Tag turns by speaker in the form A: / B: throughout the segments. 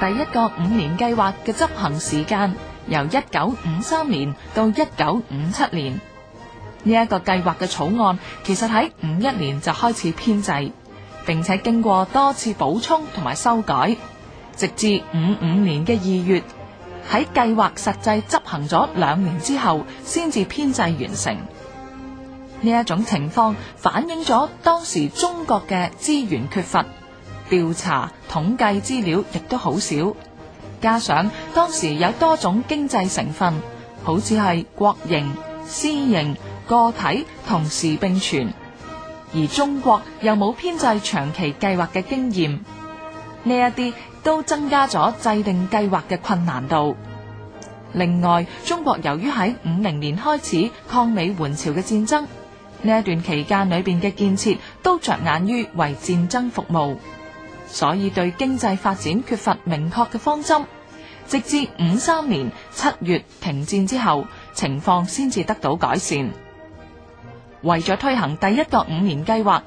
A: 第一個五年計劃嘅執行時間由一九五三年到一九五七年。呢一個計劃嘅草案其實喺五一年就開始編制，並且經過多次補充同埋修改，直至五五年嘅二月，喺計劃實際執行咗兩年之後，先至編製完成。呢一種情況反映咗當時中國嘅資源缺乏。調查統計資料亦都好少，加上當時有多種經濟成分，好似係國營、私營、個體同時並存，而中國又冇編制長期計劃嘅經驗，呢一啲都增加咗制定計劃嘅困難度。另外，中國由於喺五零年開始抗美援朝嘅戰爭，呢一段期間裏邊嘅建設都着眼於為戰爭服務。所以對經濟發展缺乏明確嘅方針，直至五三年七月停戰之後，情況先至得到改善。為咗推行第一個五年計劃，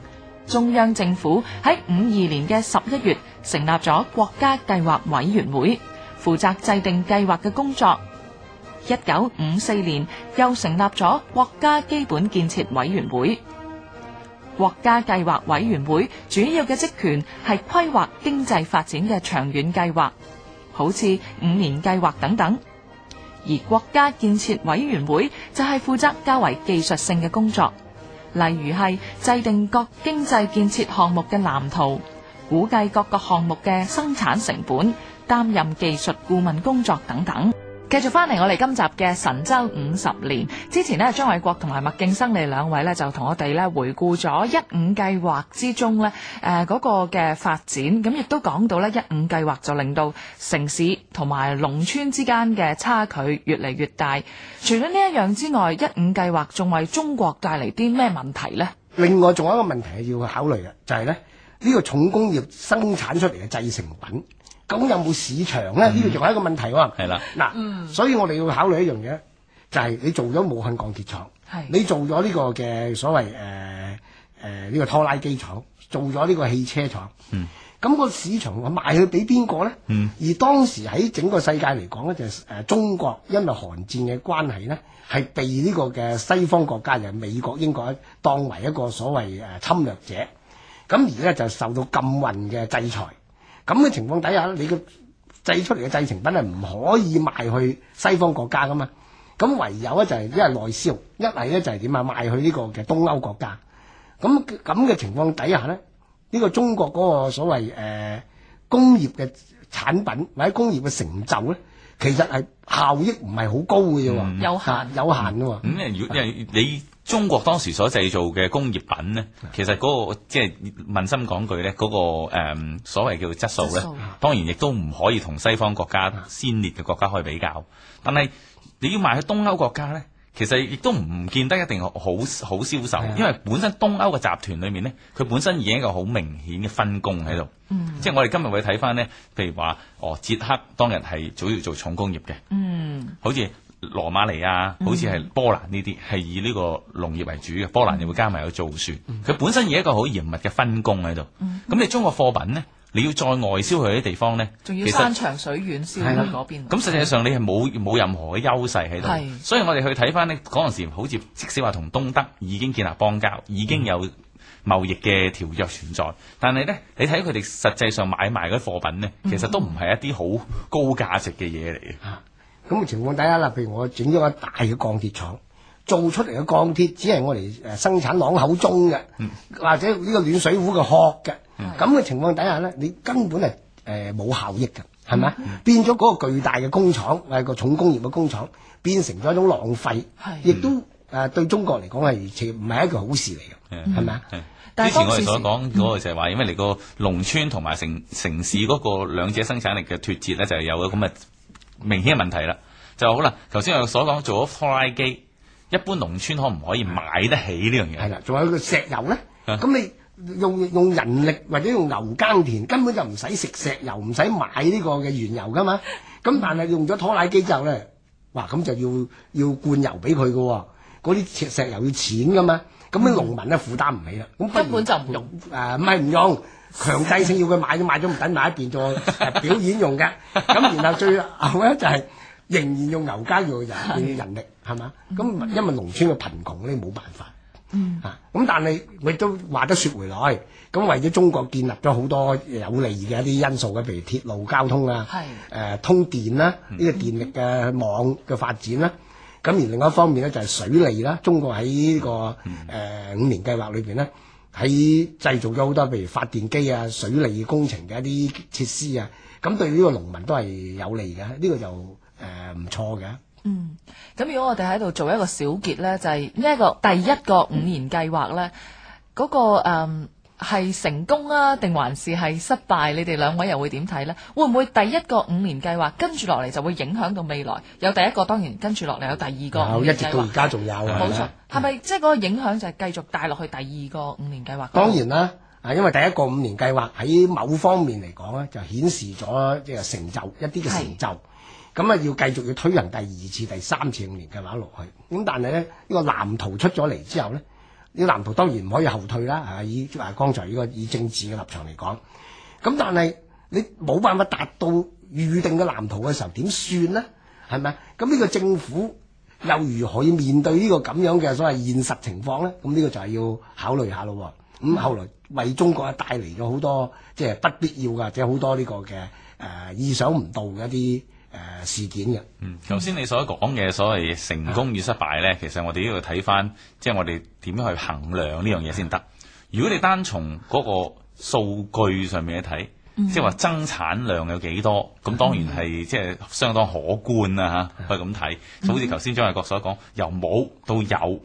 A: 中央政府喺五二年嘅十一月成立咗國家計劃委員會，負責制定計劃嘅工作。一九五四年又成立咗國家基本建設委員會。國家計劃委員會主要嘅職權係規劃經濟發展嘅長遠計劃，好似五年計劃等等。而國家建設委員會就係負責較為技術性嘅工作，例如係制定各經濟建設項目嘅藍圖、估計各個項目嘅生產成本、擔任技術顧問工作等等。繼續翻嚟我哋今集嘅神州五十年之前呢，張偉國同埋麥敬生你兩位呢，就同我哋呢回顧咗一五計劃之中呢，誒嗰個嘅發展，咁亦都講到呢一五計劃就令到城市同埋農村之間嘅差距越嚟越大。除咗呢一樣之外，一五計劃仲為中國帶嚟啲咩問題呢？
B: 另外仲有一個問題係要考慮嘅，就係呢呢個重工業生產出嚟嘅製成品。咁有冇市場咧？呢個仲係一個問題喎、啊。係啦的，嗱，所以我哋要考慮一樣嘢，就係、是、你做咗武漢鋼鐵廠，的你做咗呢個嘅所謂誒誒呢個拖拉機廠，做咗呢個汽車廠。咁、嗯、個市場我賣去俾邊個咧？嗯、而當時喺整個世界嚟講咧，就誒、是、中國因為韓戰嘅關係咧，係被呢個嘅西方國家，就係、是、美國、英國當為一個所謂誒侵略者。咁而家就受到禁運嘅制裁。咁嘅情況底下你個製出嚟嘅製成品係唔可以賣去西方國家噶嘛？咁唯有咧就係一係內銷，一係咧就係點啊賣去呢個嘅東歐國家。咁咁嘅情況底下咧，呢、這個中國嗰個所謂誒、呃、工業嘅產品或者工業嘅成就咧，其實係效益唔係好高嘅啫，嗯、有限有限嘅喎。咁
C: 咧、嗯，如果、嗯、因為你。中國當時所製造嘅工業品咧，其實嗰、那個即係、就是、問心講句咧，嗰、那個、呃、所謂叫做質素咧，素當然亦都唔可以同西方國家先烈嘅國家去比較。但係你要賣去東歐國家咧，其實亦都唔見得一定好好銷售，的因為本身東歐嘅集團裡面咧，佢本身已經一個好明顯嘅分工喺度。嗯、即係我哋今日會睇翻咧，譬如話哦，捷克當日係早要做重工業嘅，嗯，好似。羅馬尼亞好似係波蘭呢啲，係、嗯、以呢個農業為主嘅。波蘭又會加埋去造船，佢、嗯、本身有一個好嚴密嘅分工喺度。咁、嗯、你中國貨品呢，你要再外銷去啲地方呢，仲要山長
A: 水遠，先去嗰邊。咁
C: 實，的實際上你係冇冇任何嘅優勢喺度。的所以我哋去睇翻呢，嗰陣時好似即使話同東德已經建立邦交，已經有貿易嘅條約存在，但係呢，你睇佢哋實際上買賣嗰啲貨品呢，其實都唔係一啲好高價值嘅嘢嚟嘅。
B: 咁嘅情況底下啦，譬如我整咗個大嘅鋼鐵廠，做出嚟嘅鋼鐵只係我哋誒生產朗口中嘅，嗯、或者呢個暖水壺嘅殼嘅。咁嘅、嗯、情況底下呢，你根本係誒冇效益嘅，係咪？嗯嗯、變咗嗰個巨大嘅工廠，係個重工業嘅工廠，變成咗一種浪費，亦、嗯嗯、都誒、呃、對中國嚟講係唔係一件好事嚟嘅？係咪啊？
C: 吧嗯、之前我哋所講嗰個、嗯、就係話，因為你個農村同埋城城市嗰個兩者生產力嘅脫節咧，就係有咁嘅。明顯嘅問題啦，就好啦。頭先我所講做咗拖拉機，一般農村可唔可以買得起呢樣嘢？係啦，
B: 仲有一個石油咧。咁 你用用人力或者用牛耕田，根本就唔使食石油，唔使買呢個嘅原油噶嘛。咁但係用咗拖拉機之後咧，哇，咁就要要灌油俾佢噶。嗰啲石石油要錢噶嘛，咁啲農民咧，負擔唔起啦，咁根本就唔用，誒唔係唔用，強制性要佢買都買咗唔等買一邊做表演用嘅，咁 然後最後咧就係仍然用牛耕用人嘅的人力，係嘛？咁因為農村嘅貧窮咧，冇辦法，嚇、啊，咁但係亦都話得説回來，咁為咗中國建立咗好多有利嘅一啲因素嘅，譬如鐵路交通啊，誒、啊、通電啦，呢、啊、個電力嘅網嘅發展啦。的咁而另外一方面咧，就係水利啦。中國喺呢、呢個誒、嗯呃、五年計劃裏邊咧，喺製造咗好多，譬如發電機啊、水利工程嘅一啲設施啊。咁對於呢個農民都係有利嘅，呢、呢個就誒唔錯嘅。呃、錯嗯，
A: 咁如果我哋喺度做一個小結咧，就係呢一個第一個五年計劃咧，嗰、嗯那個、um, 係成功啊，定還是係失敗？你哋兩位又會點睇呢？會唔會第一個五年計劃跟住落嚟就會影響到未來？有第一個當然跟住落嚟有第二個一直到而家
B: 仲有啊！冇錯，
A: 係咪即係嗰個影響就係繼續帶落去第二個五年計劃？當然
B: 啦，啊，因為第一個五年計劃喺某方面嚟講呢，就顯示咗即係成就一啲嘅成就，咁啊是要繼續要推行第二次、第三次五年計劃落去。咁但係呢，呢、呢個藍圖出咗嚟之後呢。呢個藍圖當然唔可以後退啦，係以誒剛才呢個以政治嘅立場嚟講，咁但係你冇辦法達到預定嘅藍圖嘅時候點算呢？係咪？咁呢個政府又如何要面對呢個咁樣嘅所謂現實情況呢？咁呢個就係要考慮下咯。咁後來為中國帶嚟咗好多即係不必要嘅，即係好多呢個嘅誒、呃、意想唔到嘅一啲。誒、呃，事件嘅。嗯，
C: 頭先你所講嘅所謂成功與失敗咧，的其實我哋都要睇翻，即係我哋點樣去衡量呢樣嘢先得。的如果你單從嗰個數據上面一睇，嗯、即係話增產量有幾多，咁當然係的即係相當可觀吓的、啊，可以咁睇，就好似頭先張衛國所講，的由冇到有，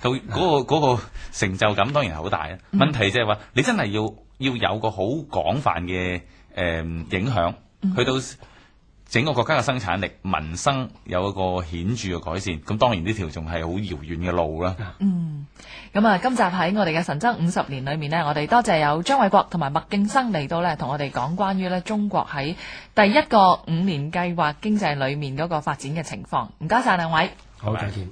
C: 到嗰、那個的成就感，當然係好大。嗯、問題即係話，你真係要要有個好廣泛嘅誒、嗯嗯、影響去到。整個國家嘅生產力、民生有一個顯著嘅改善，咁當然呢條仲係好遙遠嘅路啦。嗯，
A: 咁啊，今集喺我哋嘅神州五十年裏面呢，我哋多謝有張偉國同埋麥敬生嚟到呢，同我哋講關於呢中國喺第一個五年計劃經濟裏面嗰個發展嘅情況。唔該晒兩位，
C: 好，Bye. 再見。